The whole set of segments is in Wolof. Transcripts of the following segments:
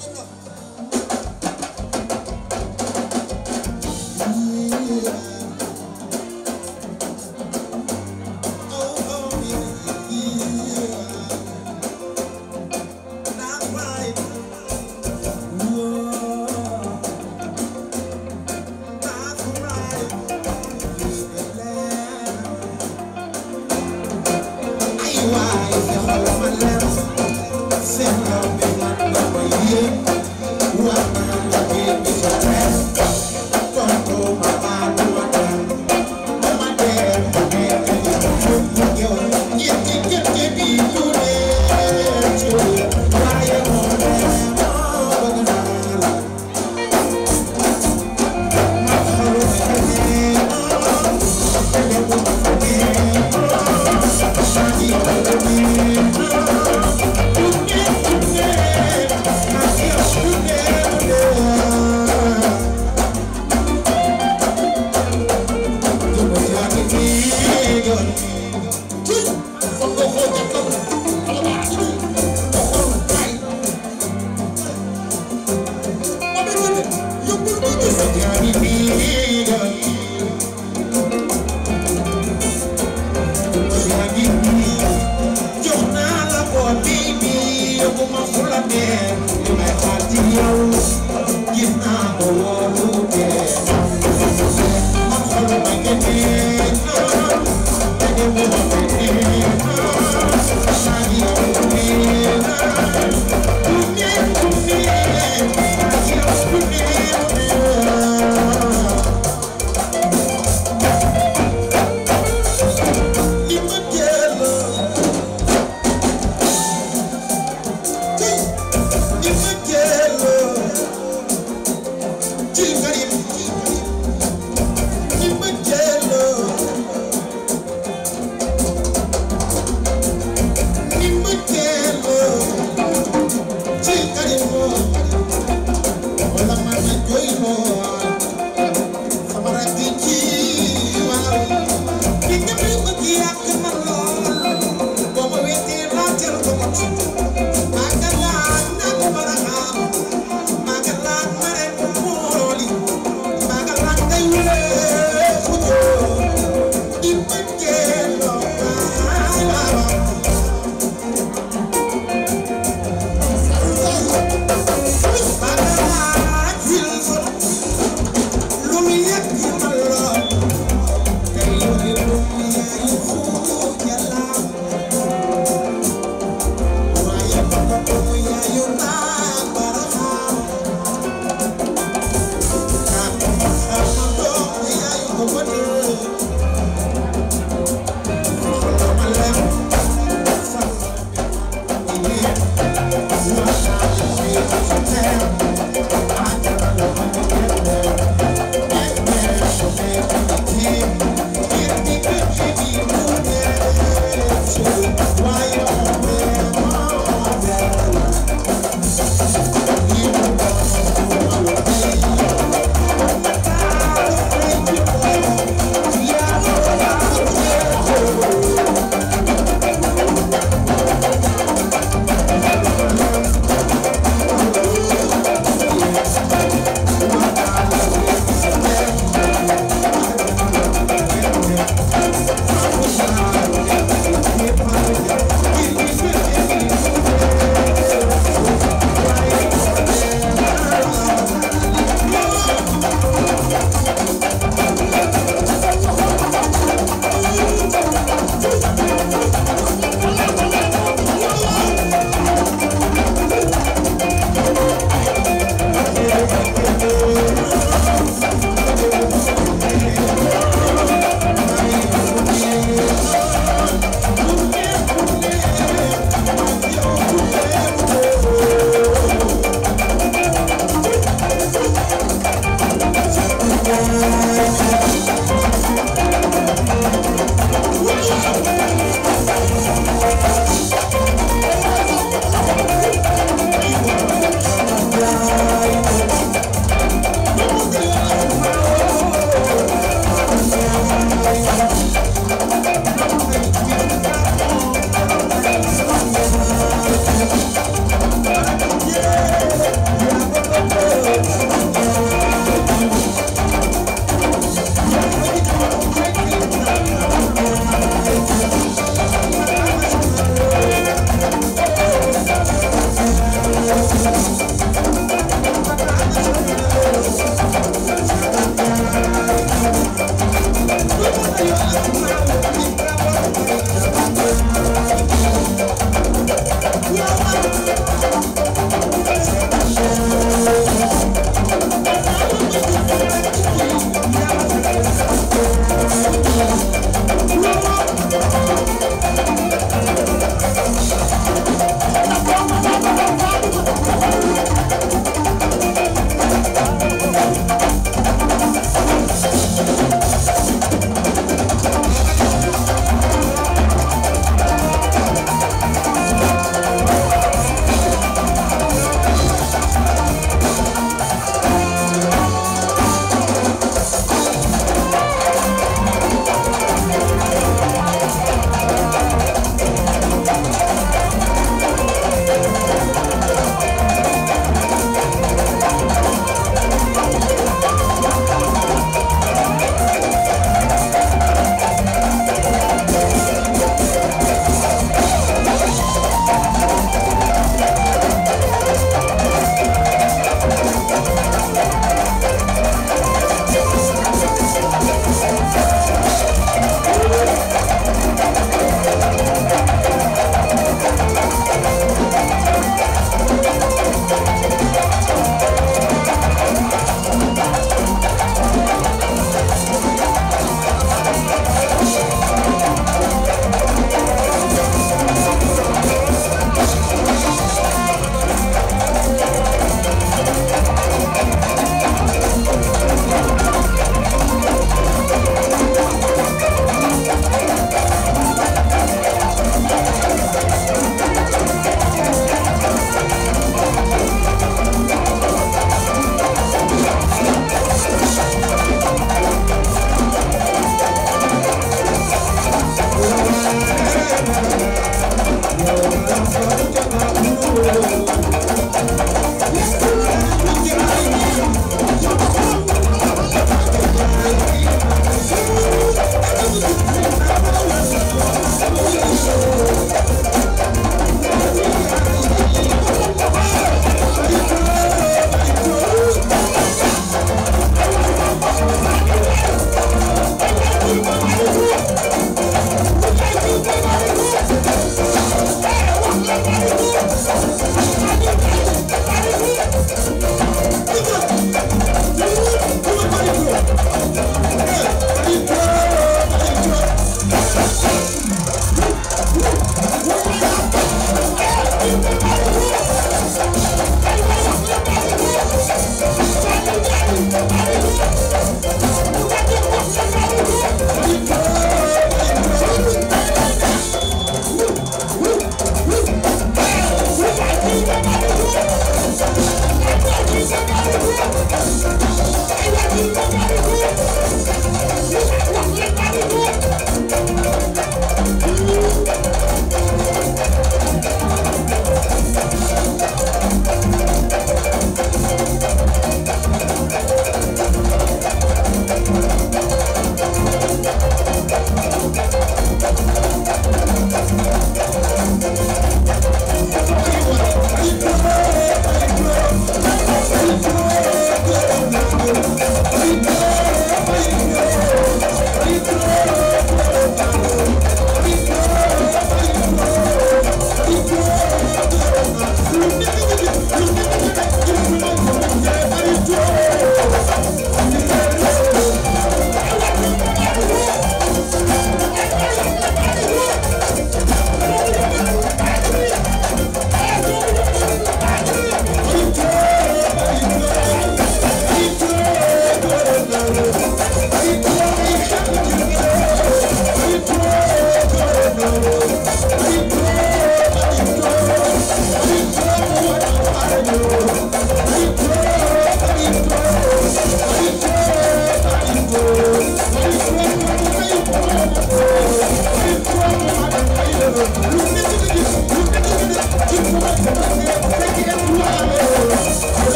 Thank you.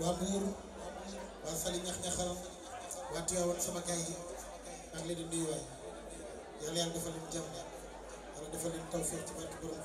waa Mbour waa Saly ñax-ñaxal waa Tivaouane sama gaay yi maa ngi leen di nuyuwaay yàlla yàlla defal leen jàmm yàlla defal leen tawfeex ci barke borom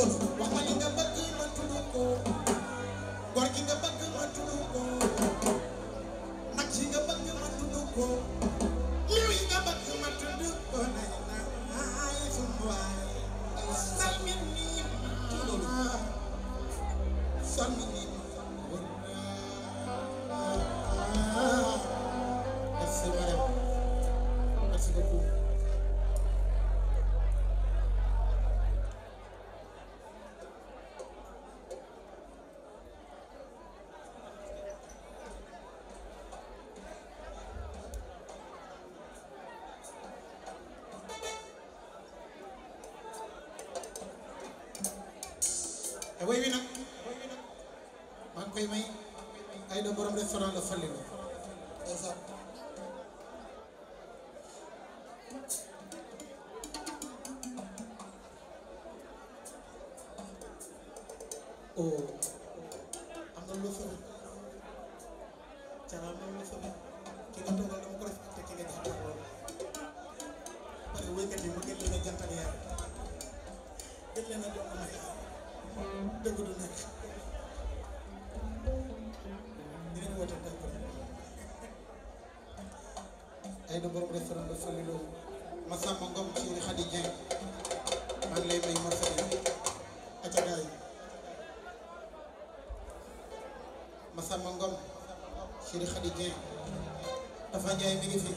loolu waxal li nga bëgg man tudd ko nasaraan la fali la Aïda borom restaurant de Falilo Massamba Ngom ci Khady Dieng maa ngi lay may Marseille acagaay Massamba Ngom ci Khady dafa Njaay mi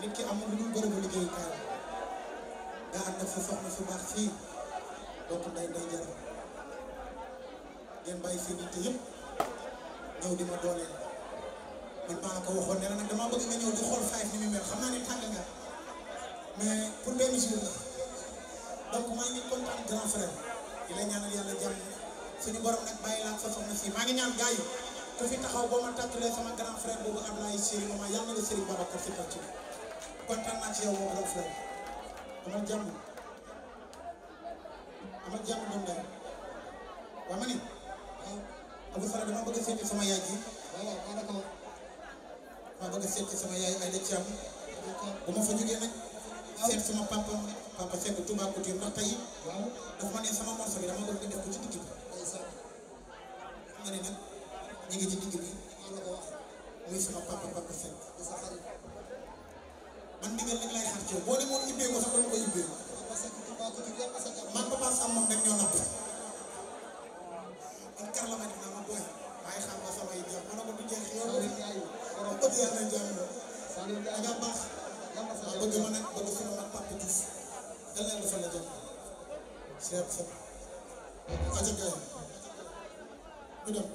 nit ki amul lu dul bërëbu liggéeyukaay nga ànd ak sa soxna su baax fii donc nday nday jaram ngeen bàyyi seen nit di ma dooleel man maa la ko waxoon ne la nag damaa bëgg nga ñëw di xool Five ni muy mel xam naa ne tàng nga mais pour benn jour la donc maa ngi kontaan grand si maa ngi ñaan gars yi ku fi taxaw boo ma tàttalee sama grand frère boobu Ablaye Serigne Mama yàlla na la Serigne Babacar si kàcce kontaan naa ci yow moom Reug Fleur amal jàmm amal jàmm doom day waa ma ni ah, Abdou Fara dama bëgg a seeti sama yaay ji waaw maa ngi ko ma bëgg a seeti sama yaay Aïda Thiam bu ma fa jógee nag seet sama papa papa seet bu Touba Couture ndax tey dafa ma ne sama morceau bi dama bëgg nga def ko ci digg bi xam nga ne nag ñu ngi ci digg bi muy sama papa papa seet man ndigal rek lay xar ci yow boo demoon ibbee ko sax doon ko ibbee man papa ma def ma booy ko ma bëgg ma nag bëgg sama mag papa Diouf dal leen dafa la jëm seet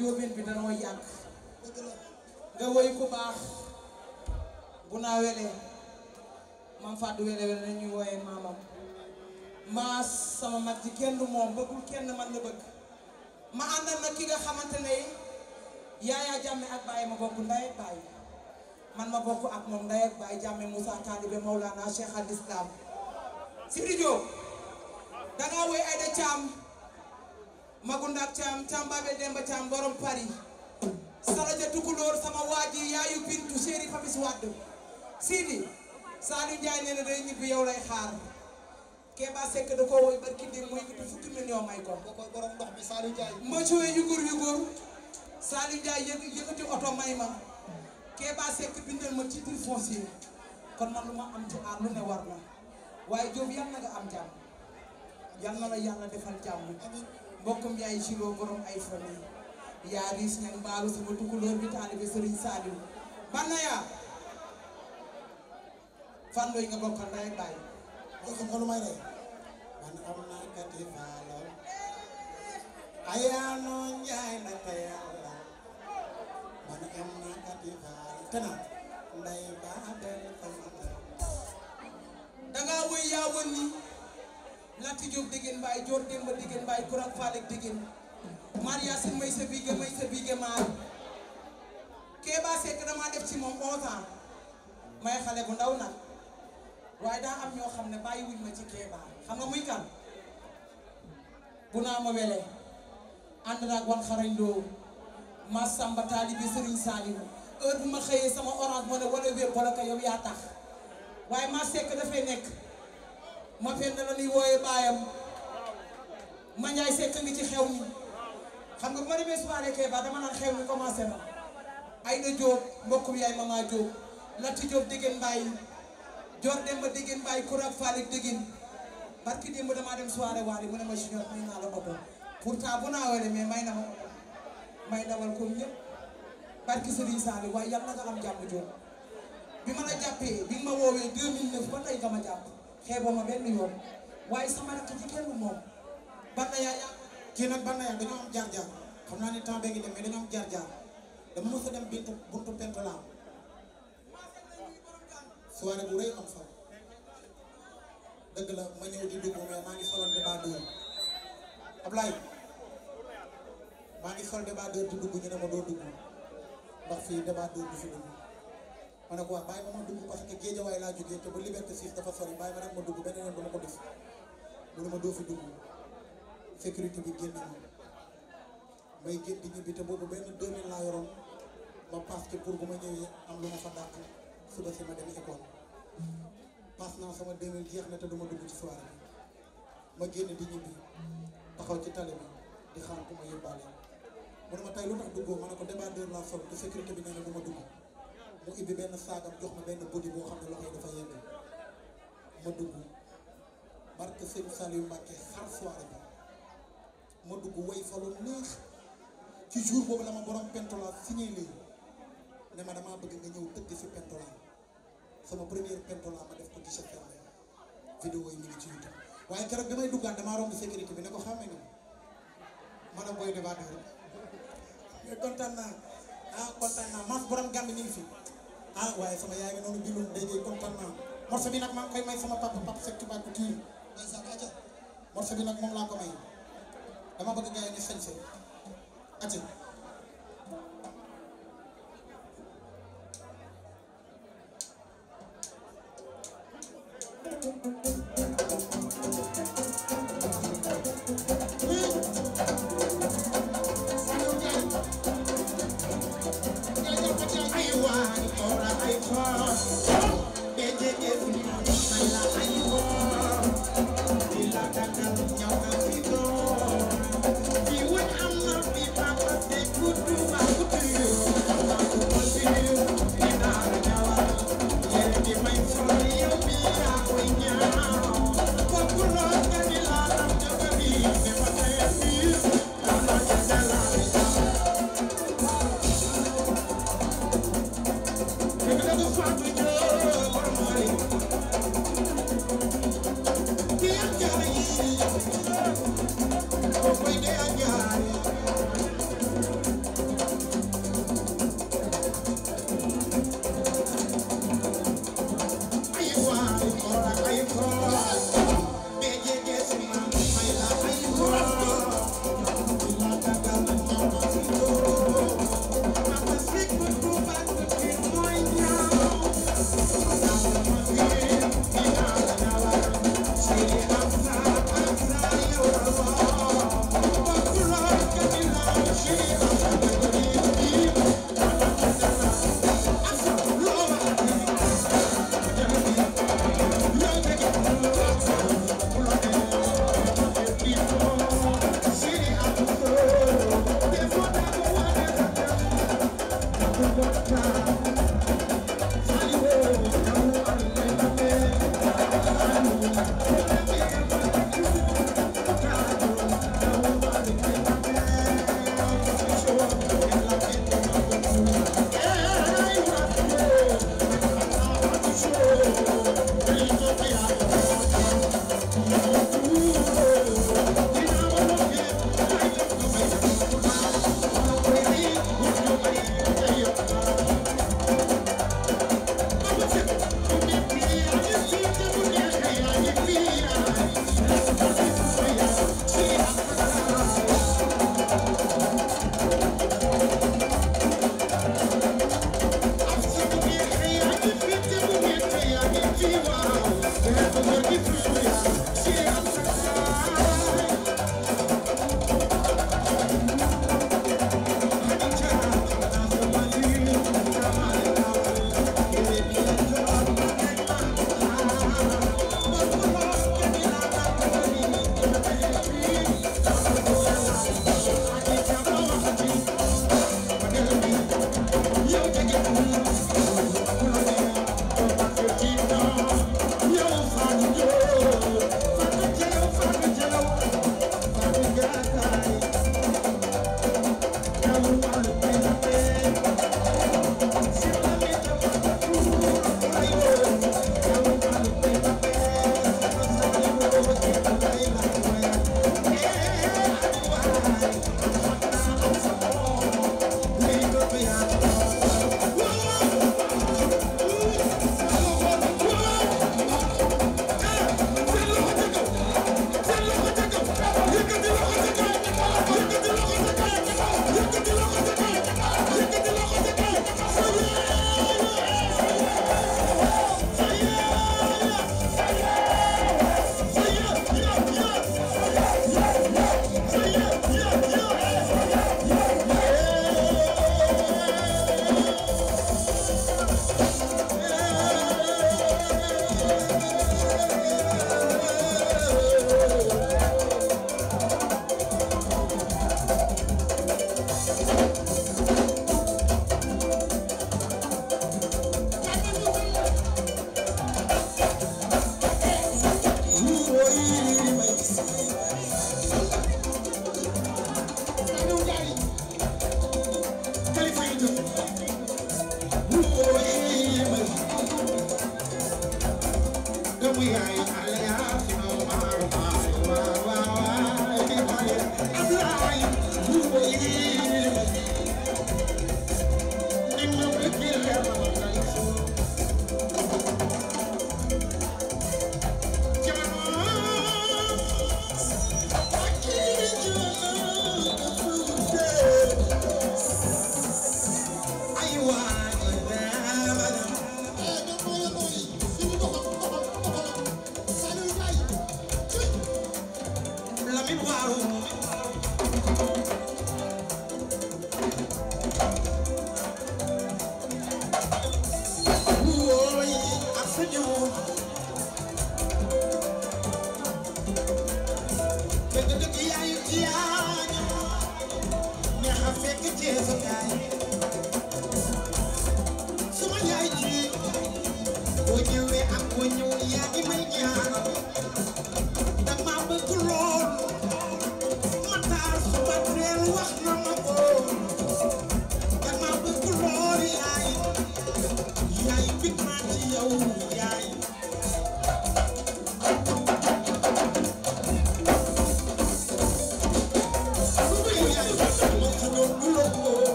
njóobeen bi danoo yàgg nga woy ku baax bu naa wele maam Fatou wele wele na ñuy wooyee maamam maa sama mag ji kenn du moom bëggul kenn man la bëgg ma àndal na ki nga xamante ne yaayaa jàmme ak bàyyi ma bokk ndey bàyyi man ma bokk ak moom ndey ak bàyyi jàmme Moussa taalibe Mawlana Cheikh al Islam Sidi Diop dangaa woy Aïda Thiam Magundak Thiam Thiambabe Demba Thiam borom Paris Salaja Tukulóor sama waa ji yaayu Bintu chéri Papis Wade Sidi Saliou Ndiaye nee na day ñibbi yow lay xaar Kéba Seck da koo woy barki di muy du fukki million ko ko borom ndox mi Saliou Ndiaye ma cooy yugur yugur Saliou Ndiaye oto may ma Kéba Seck bindal ma titre foncier kon man lu ma ne waaye Diop yal na nga am jàmm yal na la yàlla defal jàmm mbokkum yaay Giro borom ay famille yaa riis ñan mbaalu sama tukkulóor bi taalibe Sëriñ Saaliw Banaya fan looy nga bokkal ndey baay boo xam nga lu may rey man am naa kati faalool ayaanoo njaay na te yàlla man am naa kati faalool te naa ndey baa benn woy yaa wën ni Lati Diop Dégén Mbaye Dior Demba Dégén Mbaye Kourak Falek Dégén Mar Yacine may sa bige may sa bige maar Kéba Seck damaa def ci moom 11 may xale bu ndaw nag waaye daa am ñoo xam ne bàyyi wuñ ma ci Kéba xam nga muy kan bu naa ma wele ànd naag wan xarañ doo ma Samba taalibe Serigne Saliou heure ma xëyee sama orange moo ne wala wér wala ko yow yaa tax waaye ma Seck dafay nekk ma fenn la ñuy wooyee baayam ma Ndiaye Seck ngi ci xew mi xam nga bu ma demee soirée Kéba dama naan xew mi commencé na Aïda Diop mbokkum yaay Mama Diop Lati Diop déggeen mbaay Dior Demba déggeen mbaay Kourab Falik déggeen barki démb damaa dem mu ne ma junior may naa la oto pourtant bu naa wele mais na ma may dawal comme ñëpp barki Serigne Sall waaye yàlla na nga am jàmm Diop bi ma la jàppee bi nga ma woowee 2009 ba tey nga ma jàpp xeeboo ma benn yoon waaye sama rakk ji kenn moom Banaya kii nag Banaya dañoo am jaar naa ne temps bee ngi dañoo am jaar-jaar dama mos a dem bintu buntu pentolaam soirée bu rëy am fa dëgg la ma ñëw di dugg mais maa ngi soloon de d'heure Ablaye maa ngi ñu ne ma doo dugg ndax fii débat d'heure du ma ne ko waa bàyyi ma ma dugg parce que géejawaay laa jógee te ba liberté 6 dafa sori bàyyi ma rek ma dugg benn yoon dama ko def mu ne ma doo fi dugg sécurité bi génn ma may génn di ñibbi te boobu benn 2000 laa ma paas ci bu ma ñëwee am lu ma fa suba si ma dem école sama 2000 jeex na te du ma dugg ci soirée ma génn di taxaw ci tali bi di xaar ku ma yóbbaale mu ne ma tey lu tax duggoo ma ne ko débardeur laa sol te sécurité bi nee na du mu ibbi benn saagam jox ma benn buddi boo xam ne loxo yi dafa yëngu ma dugg barke sëñ Saliou Mbacke xar soirée bi ma dugg way fa lu neex ci jour boobu la ma borom si signé lii ne ma damaa bëgg nga ñëw tëgg fi pentola sama première pentola ma def ko ci cheptel vidéo yi mi ngi ci YouTube waaye keroog bi may duggaan damaa romb sécurité bi ne ko xàmmee nga ma ne booy débatteur mais kontaan naa ah kontaan naa man borom gàmmi ñu ngi ah waaye sama yaay nga noonu bindul day day kontaan naa morceau bi nag maa koy may sama papa papa Seck Touba Couture ndeysaan aca bi nag moom laa ko may dama bëgg gars yi ñu sañse aca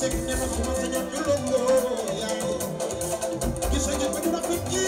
sek ne ma su ma sañoon ñu longoo yaay gis nga jëf bu rafet ji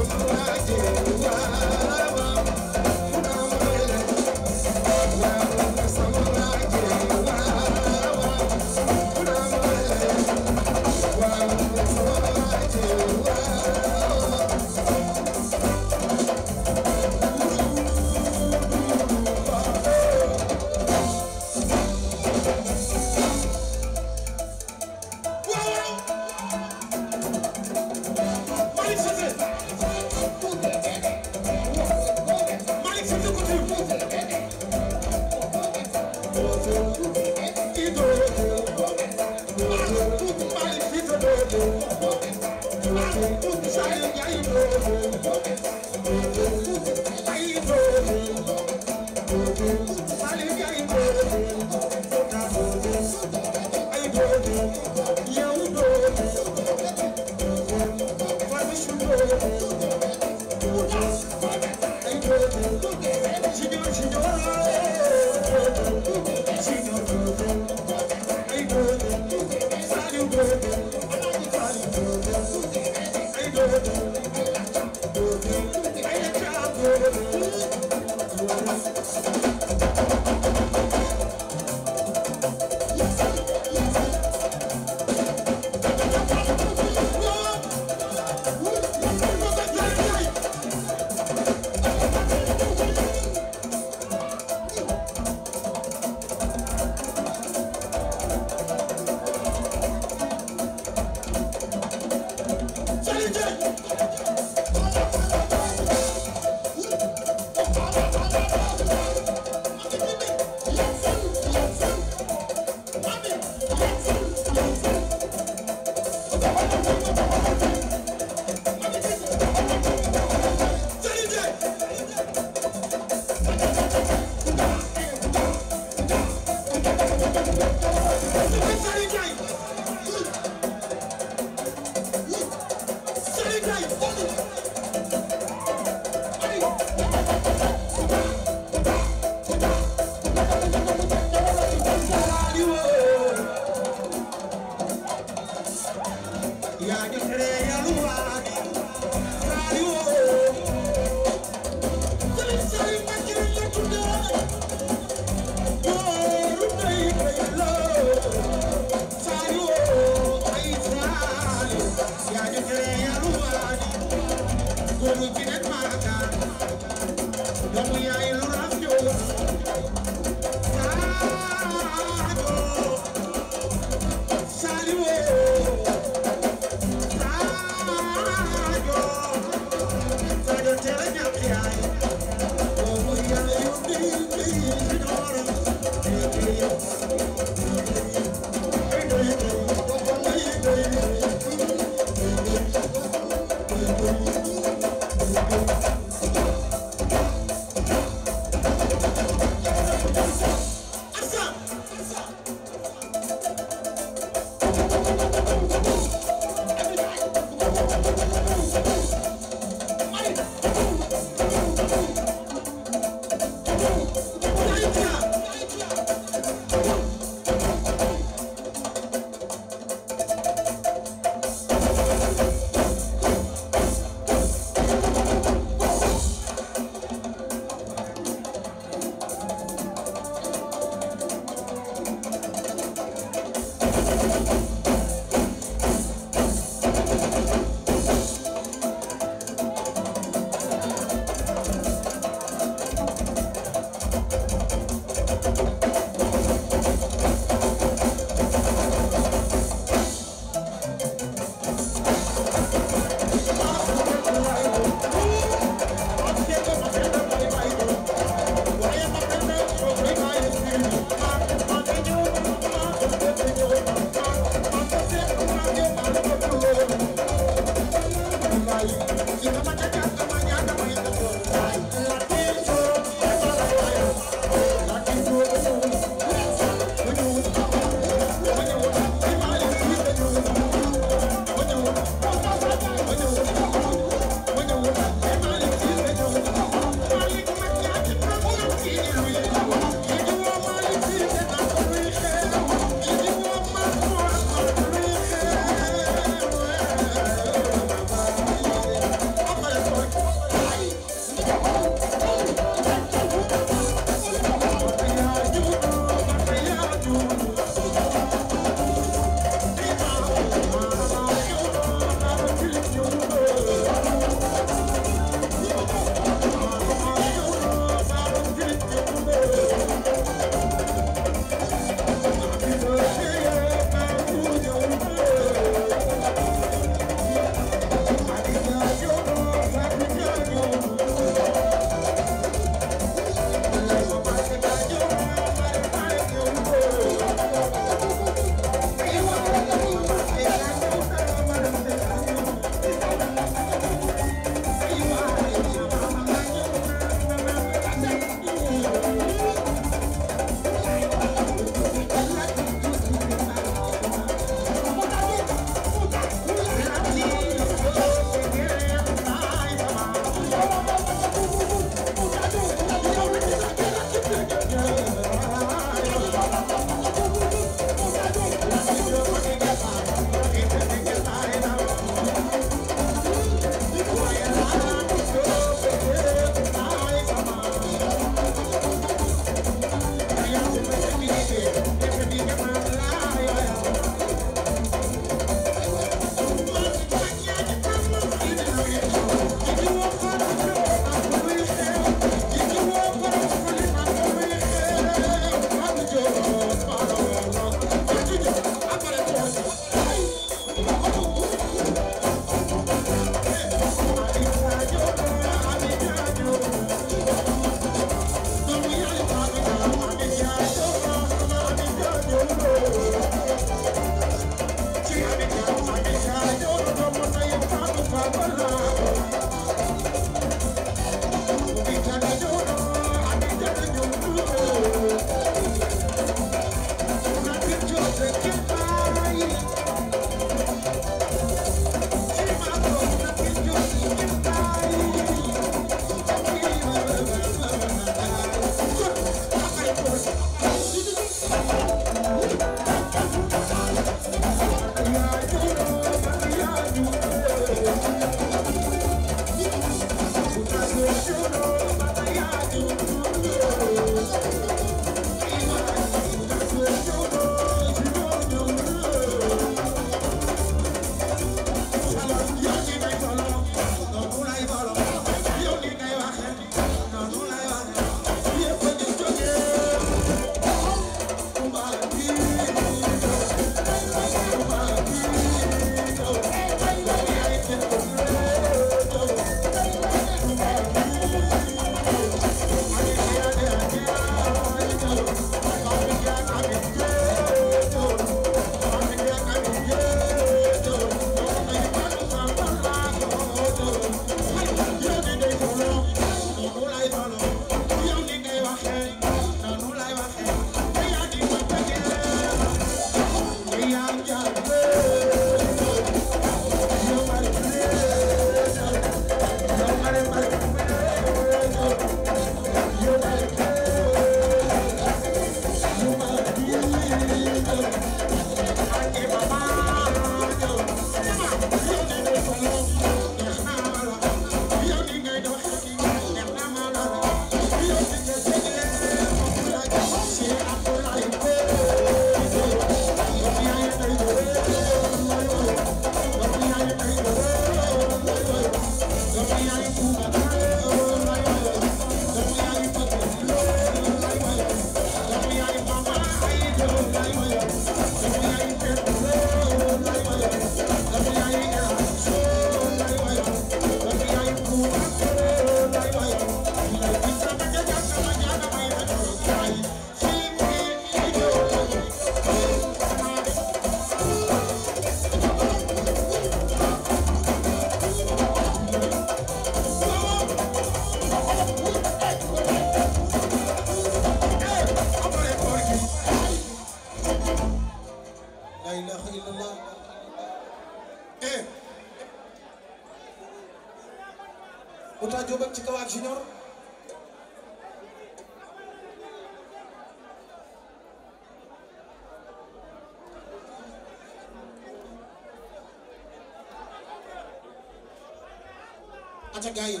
gaa yi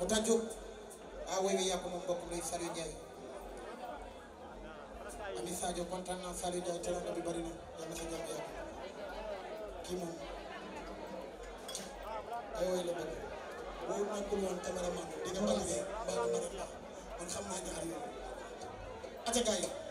bu ta jóg ah woy wi yàpp moom mbokk luy Saliou Ndiaye ami Sadio kontaan naa Saliou Ndiaye teranga bi sa la nga bëgg mbaa du mën a baax man xam naa ñaar yooyu ate gaa yi